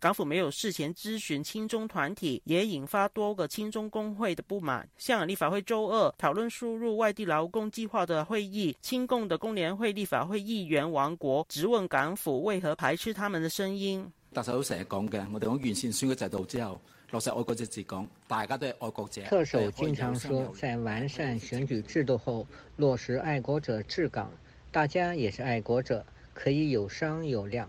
港府沒有事前諮詢親中團體，也引發多個親中工會的不滿。香港立法會周二討論輸入外地勞工計劃的會議，親共的工聯會立法會議員王國質問港府為何排斥他們的聲音。特首成日講嘅，我哋講完善選舉制度之後，落實愛國者治港，大家都係愛國者。特首經常說，在完善選舉制度後落實愛國者治港，大家也是愛國者，可以有商有量。